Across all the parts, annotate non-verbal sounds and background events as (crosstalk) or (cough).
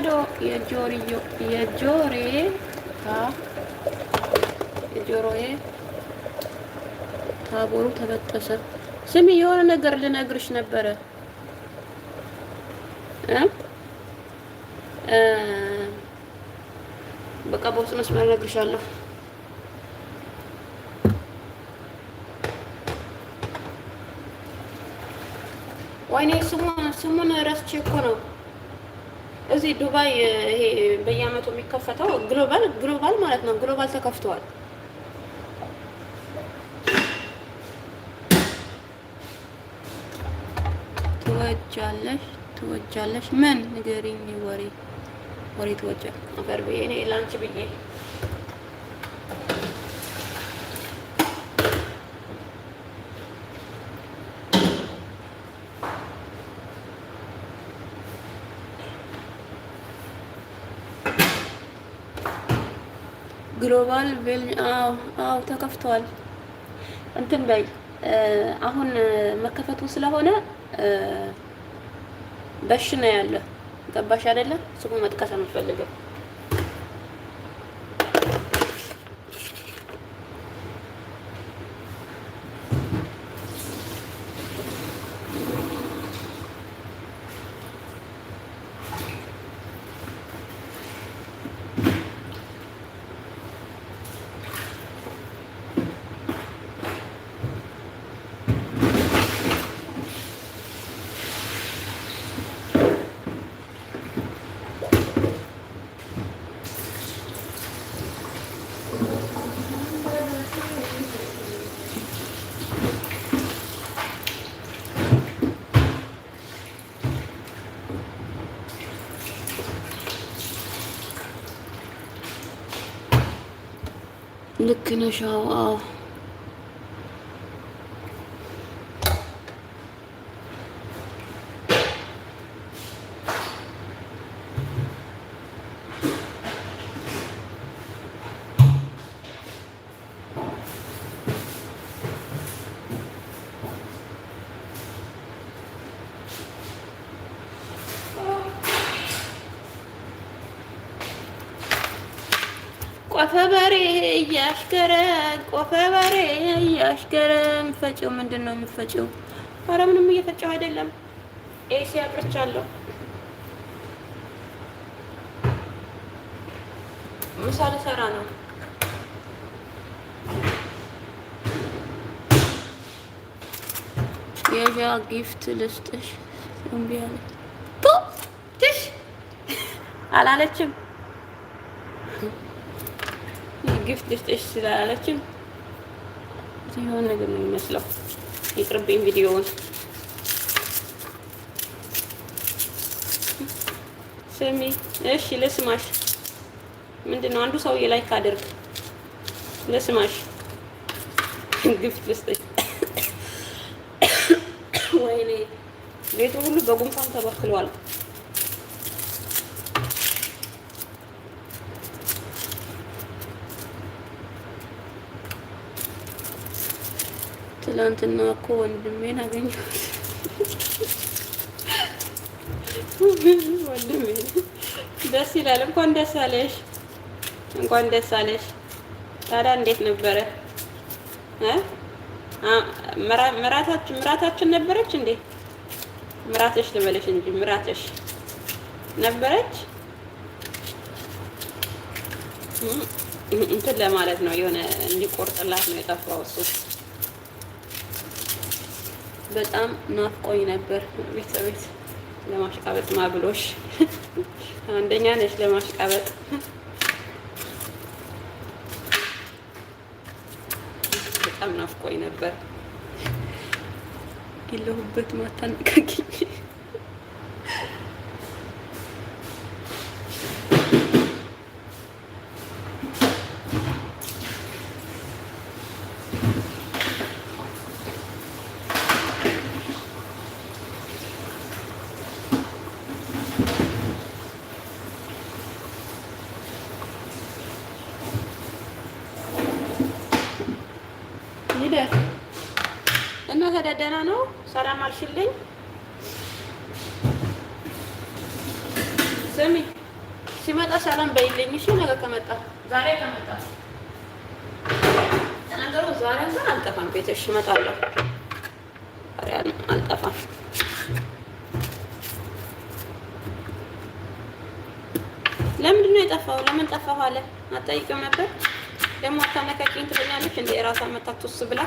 የዶ የጆሪዮ የጆሬ የጆሮዬ ታቦሩ ተበጠሰ። ስሚ የሆነ ነገር ልነግርሽ ነበረ እ በቃ በውስጥ መስመር እነግርሻለሁ። ወይኔ ስሙን ስሙን እረስቼ እኮ ነው። እዚህ ዱባይ ይሄ በየአመቱ የሚከፈተው ግሎባል ግሎባል ማለት ነው። ግሎባል ተከፍተዋል። ትወጃለሽ ትወጃለሽ ምን ንገሪኝ። ወሬ ወሬ ትወጃለሽ አፈር ብዬ እኔ ላንቺ ብዬ ግሎባል አው ተከፍቷል። እንትን በይ አሁን መከፈቱ ስለሆነ በሽ ነው ያለ። ገባሽ አይደለ? ስሙ መጥቀስ አንፈልግም። gonna show off ቆፈ በሬ እያሽከረ ቆፈ በሬ ምንድን ነው የሚፈጨው? ምንም እየፈጨው አይደለም። ኤሲ አብርቻለሁ። ምሳ ልሰራ ነው። የዣ ጊፍት ልስጥሽ እምቢ አለች። ትሽ አላለችም ጊፍት ልስጥሽ ስላለችን የሆነ ነገር ነው የሚመስለው። ይቅርብኝ ቪዲዮውን ስሚ። እሺ ልስማሽ። ምንድን ነው አንዱ ሰውዬ ላይ አድርግ ልስማሽ። ግፍት ልስጥሽ። ወይኔ ቤቱ ሁሉ በጉንፋን ተበክሏል። ትላንትና እኮ ወንድሜን አገኘሁት። ወንድሜ ደስ ይላል። እንኳን ደስ አለሽ፣ እንኳን ደስ አለሽ። ታዲያ እንዴት ነበረ? ምራታችን ነበረች እንዴ? ምራትሽ ልበለሽ እንጂ ምራትሽ ነበረች እንትን ለማለት ነው። የሆነ እንዲቆርጥላት ነው የጠፋው እሱ በጣም ናፍቆኝ ነበር። ቤት ለቤት ለማሽቃበጥ ማብሎሽ (laughs) አንደኛ ነች ለማሽቃበጥ በጣም ናፍቆኝ ነበር የለሁበት ማታነቃቂኝ ታዲያ ደህና ነው? ሰላም አልሽልኝ? ስሚ ሲመጣ ሰላም በይልኝ እሺ። ነገ ከመጣ ዛሬ ከመጣ ተናገሩ። ዛሬ እንኳን አልጠፋም፣ ቤትሽ እመጣለሁ። ዛሬ አልጠፋም። ለምንድን ነው የጠፋው? ለምን ጠፋሁ አለ። አትጠይቅም ነበር ደግሞ አታነካቂኝ ትለኛለች እንደ የራሷ መታክቶስ ብላ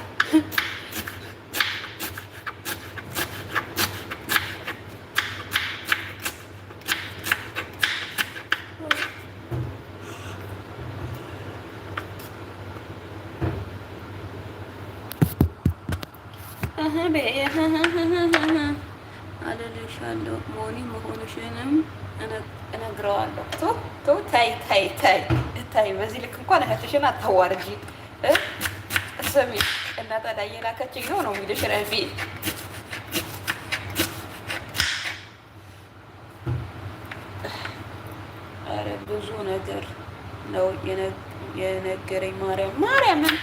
አልልሻለሁ ሞኒ መሆንሽንም እነግረዋለሁ። ቶ ታይ ታይ ታይ ታይ በዚህ ልክ እንኳን እህትሽን አታዋርጂ። ስሚ እና ታዲያ ነው ነው የሚልሽ ረቢ ብዙ ነገር ነው የነገረኝ ማርያም ማርያምን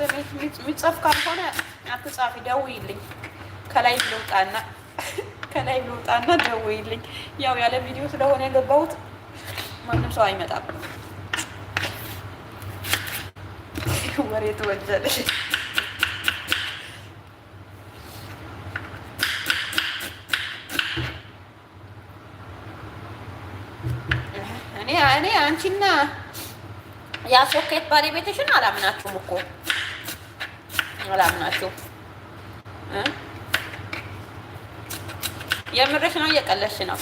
የሚጽፍ ካልሆነ አትጻፊ፣ ደውይልኝ። ከላይ ልውጣና (laughs) ከላይ ልውጣና ደውይልኝ። ያው ያለ ቪዲዮ ስለሆነ የገባሁት ማንም ሰው አይመጣም። ወሬ እኔ አንቺና ያ ሶኬት ባለቤትሽን አላምናችሁም እኮ አላምናችሁ። የምርሽ ነው? እየቀለሽ ነው?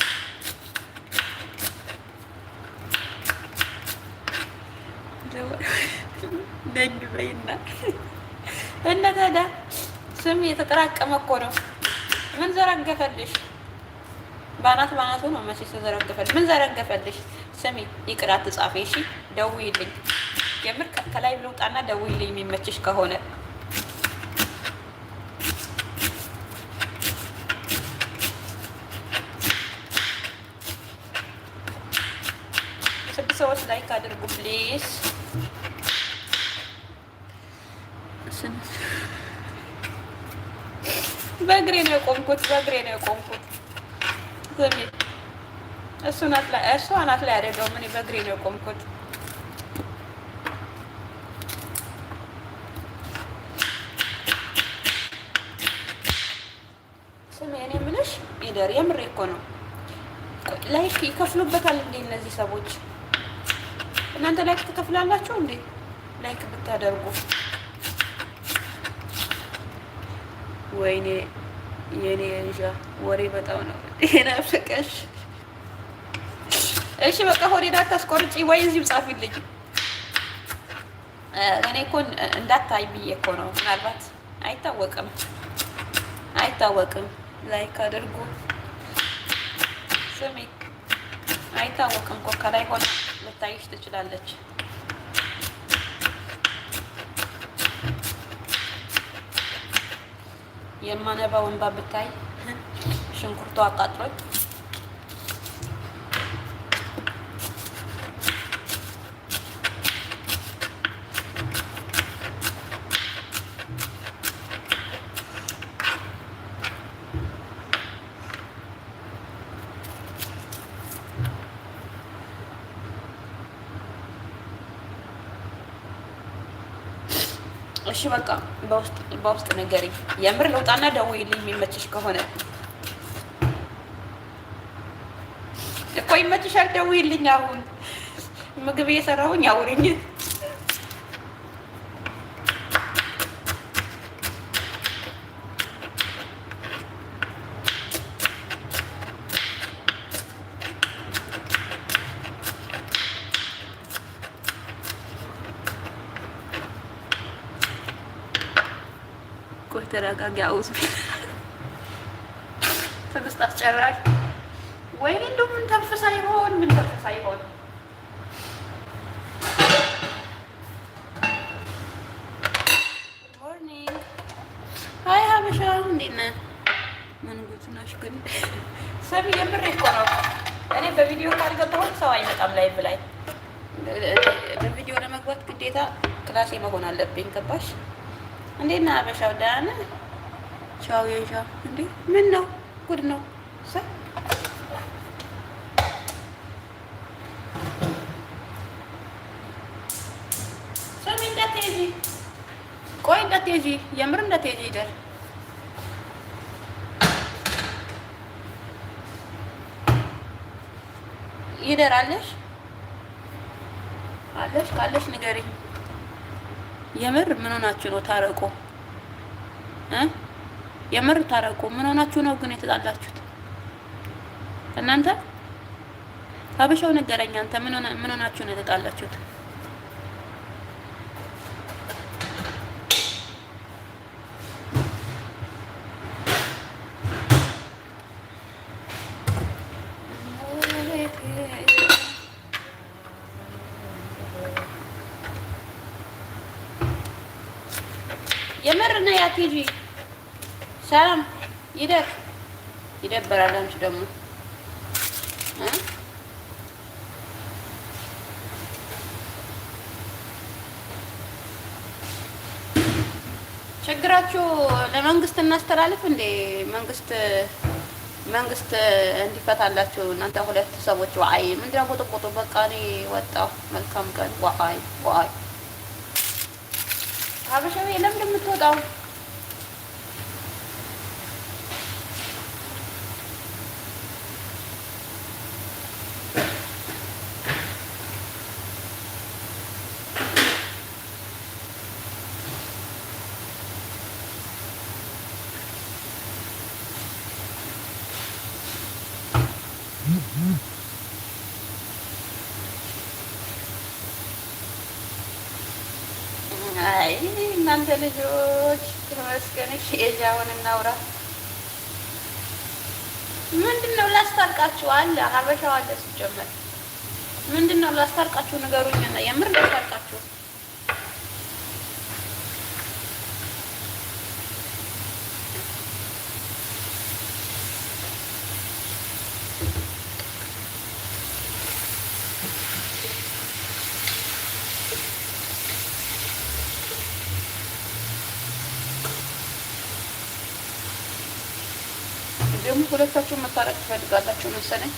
ደግ በይና እና ታዲያ ስም የተጠራቀመ እኮ ነው። ምን ዘረገፈልሽ? ባናት ባናቱ ነው መቼ ተዘረገፈልሽ? ምን ዘረገፈልሽ? ስሚ ይቅር አትጻፊ። እሺ ደውይልኝ። የምር ከላይ ልውጣና ደውይልኝ የሚመችሽ ከሆነ ላይክ አድርጉ ፕሊዝ። በእግሬ ነው የቆምኩት፣ በእግሬ ነው የቆምኩት። እሱ አናት ላይ አደገው። እኔ በእግሬ ነው የቆምኩት። ስሜ እኔ የምልሽ ነው። ላይክ ይከፍሉበታል እንደ እነዚህ ሰዎች እናንተ ላይክ ትከፍላላችሁ እንዴ? ላይክ ብታደርጉ ወይኔ የኔ እንዣ ወሬ በጣም ነው ናፍቀሽ። እሺ በቃ ሆዴን አታስቆርጪ ወይ እዚሁ ጻፊልኝ። እኔ እኮ እንዳታይ ብዬ እኮ ነው። ምናልባት አይታወቅም፣ አይታወቅም። ላይክ አድርጉ። ስሚ አይታወቅም እኮ ከላይ ሆነ ልታይሽ ትችላለች። ወንባ ብታይ ሽንኩርቱ አቃጥሎች እሺ በቃ በውስጥ ነገር የምር ለውጣና ደውዪልኝ የሚመችሽ ከሆነ እኮ ይመችሻል። ደውዪልኝ። አሁን ምግብ እየሰራሁኝ አውሪኝ። ማድረግ ያውዝ ትዕግስት አስጨራሽ። ወይኔ እንደው ምን ተንፈሳ ይሆን? ምን ተንፈሳ ይሆን? ሰብ እኮ ነው። እኔ በቪዲዮ ካልገባሁት ሰው አይመጣም። ላይ ብላይ በቪዲዮ ለመግባት ግዴታ ክላሴ መሆን አለብኝ። ገባሽ? እንዴት ነህ ሀበሻው? ደህና ነህ? ቻው የዣ እንዴ! ምን ነው ጉድ ነው። ቆይ፣ እንዳትሄጂ የምር እንዳትሄጂ ይደር ይደር አለሽ አለሽ ካለሽ ንገሪኝ። የምር ምን ሆናችሁ ነው ታረቁ እ የምር ታረቁ። ምን ሆናችሁ ነው ግን የተጣላችሁት እናንተ? ሀበሻው ነገረኝ። አንተ ምን ሆናችሁ ነው የተጣላችሁት? የምር ነው ሰላም ይደር ይደበራል። አንቺ ደግሞ ችግራችሁ ለመንግስት እናስተላልፍ እንዴ? መንግስት መንግስት እንዲፈታላችሁ እናንተ ሁለት ሰዎች ዋአይ ምንድን ነው ቁጥቁጡ? በቃ እኔ ወጣሁ። መልካም ቀን። ዋአይ ዋአይ። ሀበሻዊ ለምንድን የምትወጣው? አይ እናንተ ልጆች ትመስገንሽ። ኤጃውን እናውራ። ምንድን ነው ላስታርቃችሁ አለ ሀበሻው አለ ሲጀመር ምንድን ነው ላስታርቃችሁ? ንገሩኝ። የምር ላስታርቃችሁ ሁለታችሁ መታረቅ ትፈልጋላችሁ መሰለኝ።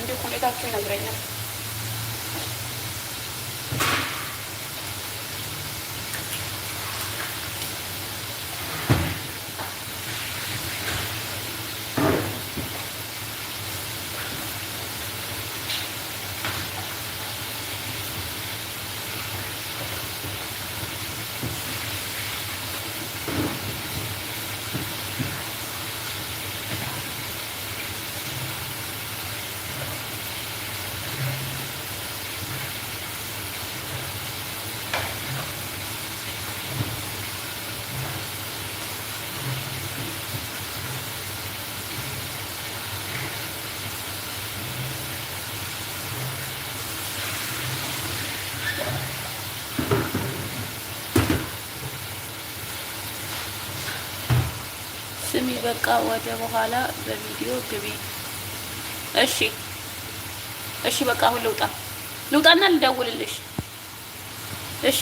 እንዲ ሁኔታችሁ ይነግረኛል። በቃ ወደ በኋላ በቪዲዮ ግቢ። እሺ እሺ፣ በቃ አሁን ልውጣ ልውጣና ልደውልልሽ። እሺ